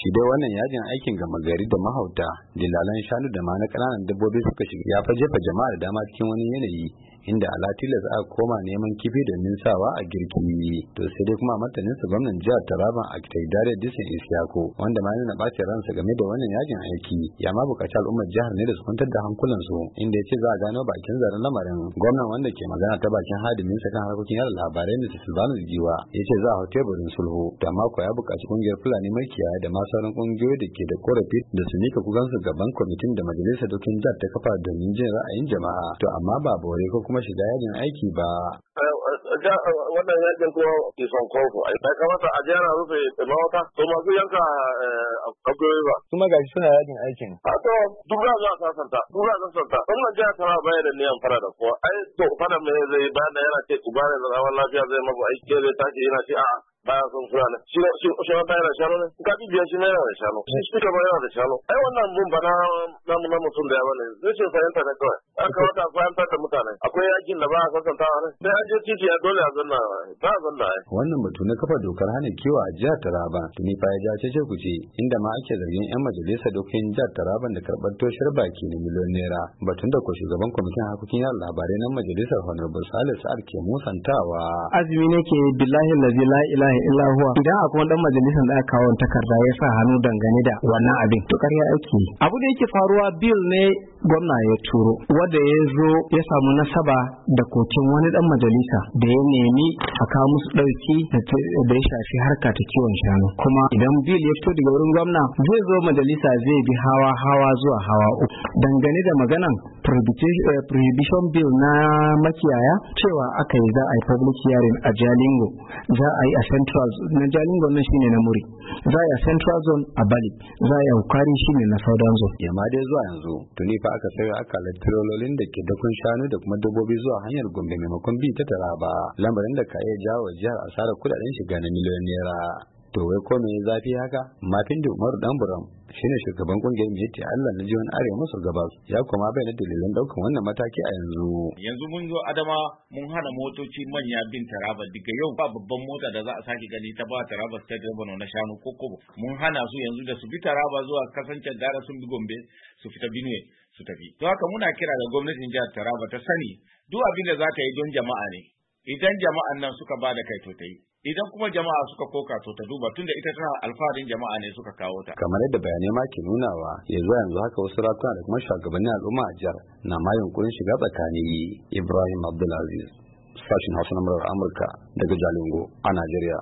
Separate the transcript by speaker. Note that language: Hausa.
Speaker 1: shi dai wannan yajin aikin gama gari da mahauta dillalan shanu da ma na ƙananan dabbobi suka shiga ya fa jefa jama'a da dama cikin wani yanayi inda alatilas aka koma neman kifi domin sawa a girki to sai dai kuma martanin su gwamnan jihar taraban kitai dare disin isiyako wanda ma yana ran ransa game da wannan yajin aiki ya ma bukaci al'ummar jihar ne da su kwantar da hankulansu inda ya ce za a gano bakin zaren lamarin gwamnan wanda ke magana ta bakin hadiminsa kan harkokin yara, labarai da silvano giwa ya ce za a hau teburin sulhu da mako ya bukaci kungiyar fulani kiyaye da ma sauran kungiyoyi da ke da korafi da su nika kugansu gaban kwamitin da majalisar dokin jihar ta kafa domin jin ra'ayin jama'a to amma ba bore ko kuma shiga yajin aiki ba.
Speaker 2: Eh, eh, eh, wannan yajin kuma kisan kofo. a ya kamata a jera rufe mawata, to masu yanka
Speaker 1: agogoyi ba. Kuma ga suna yajin aikin. A ah,
Speaker 2: to, duk za a sasanta, duk za a sasanta. jiya ta tana bayar da niyan fara da kowa. Ai, to, fara mai zai bayan da yana ce, uba ne da zaman lafiya zai mabu aiki zai tashi yana ce a'a. baya son fulani shi na shi shi ma da shano ne in ka bibiya shi na yana da shano shi shi kama yana da shano ai wannan mun ba na namu na da yawa ne rashin fahimta ne kawai an kawo ta fahimta da mutane akwai yakin da ba a sasantawa wani. sai an je titi ya dole a zanna ba a zanna ai
Speaker 1: wannan batu na kafa dokar hana kiwo a jihar Taraba tuni fa ya ja ce ce kuce inda ma ake zargin yan majalisa dokokin jihar Taraba da karɓar toshar baki na miliyon naira batun da ko shugaban kwamitin harkokin yara labarai na majalisar Honorable Salisu Sa'ad musantawa
Speaker 3: azumi nake billahi la ilaha illa huwa idan akwai dan majalisar da aka kawo takarda ya sa hannu dangane da wannan abin to ƙarya aiki abu da yake faruwa bill ne gwamna ya turo wanda ya zo ya samu nasaba da kocin wani dan majalisa da ya nemi a kawo musu dauki da ya shafi harka ta kiwon shanu kuma idan bill ya fito daga wurin gwamna zai zo majalisa zai bi hawa hawa zuwa hawa uku dangane da maganan prohibition eh, bill na makiyaya cewa aka yi za a yi public hearing a jalingo za a yi a central na jalingo na shine na muri za a yi a central zone a bali za a yi a hukari shine na southern zone yamma dai
Speaker 1: zuwa yanzu tuni fa aka sayo aka tirololin da ke dakon shanu da kuma dabbobi zuwa hanyar gombe maimakon bi ta taraba lamarin da ka iya jawo jihar asarar kudaden shiga na miliyon naira to wai ko mai zafi haka mafin da umaru dan buram ne shugaban kungiyar miyatti allah na jiwon arewa masu gaba ya kuma bayyana dalilan daukan wannan mataki a yanzu
Speaker 4: yanzu mun zo adama mun hana motoci manya bin taraba daga yau ba babban mota da za a sake gani ta ba taraba ta revenue na shanu ko kobo mun hana su yanzu da su bi taraba zuwa kasancen gara sun bi gombe su fita benue su tafi to haka muna kira da gwamnatin jihar taraba ta sani duk abin da za ta yi don jama'a ne idan jama'an nan suka ba da kai to ta yi idan kuma jama'a suka koka to ta duba tunda ita tana alfaharin jama'a ne suka
Speaker 1: kawo ta kamar yadda bayanai ma ke nunawa yanzu yanzu haka wasu ratuna da kuma shugabannin al'umma a jihar na ma yunkurin shiga tsakani ibrahim abdulaziz sashin hausa na murar amurka daga jalingo a najeriya